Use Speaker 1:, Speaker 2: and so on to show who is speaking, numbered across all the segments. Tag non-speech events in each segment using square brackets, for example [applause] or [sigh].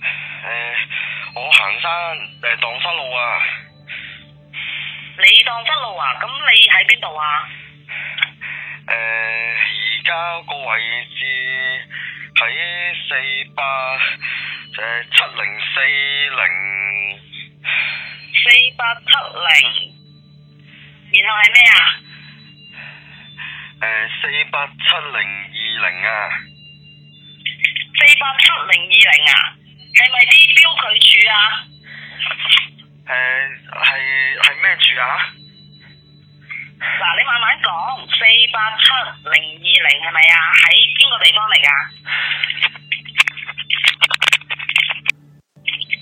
Speaker 1: 誒、呃，我行山誒，蕩、呃、失路啊！你蕩失路啊？咁你喺邊度啊？誒、呃，而家個位置喺四八誒七零四零四八七零，7040, 4870, 然後係咩啊？誒、呃，四八七零二零啊！四八七零二零啊！係咪啲標佢住啊？誒、呃，係係咩住啊？嗱、啊，你慢慢講，四八七零二零係咪啊？喺邊個地方嚟噶？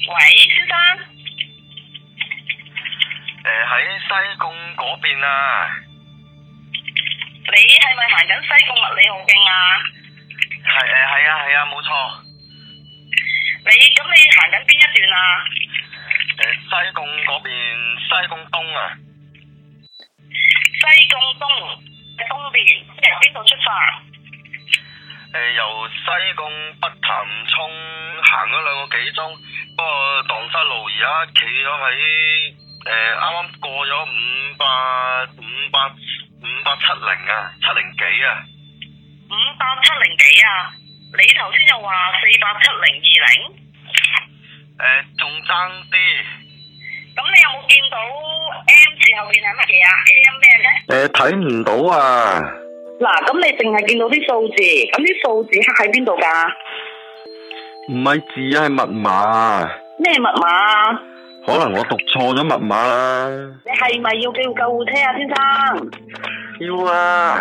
Speaker 1: [coughs] 喂，先生。誒、呃，喺西貢嗰邊啊。你係咪行緊西貢麥理浩徑啊？係誒，係、呃、啊，係啊，冇錯。你咁你行緊邊一段啊？誒，西貢嗰邊西貢東啊。西貢東喺東邊，即係邊度出發，啊？誒、呃，由西貢北潭涌行咗兩個幾鐘，不過蕩失路而家，企咗喺誒，啱、呃、啱過咗五百五百五百七零啊，七零幾啊。五百七零幾啊？你頭先又話四八七零二零，誒，仲爭啲。咁你有冇見到 M 字後面係乜嘢啊？M 咩咧？誒，睇唔到啊。嗱，咁你淨係見到啲數字，咁啲數字喺邊度噶？唔係字，係密碼。咩密碼啊？可能我讀錯咗密碼啦。你係咪要叫救護車啊，先生？要啊。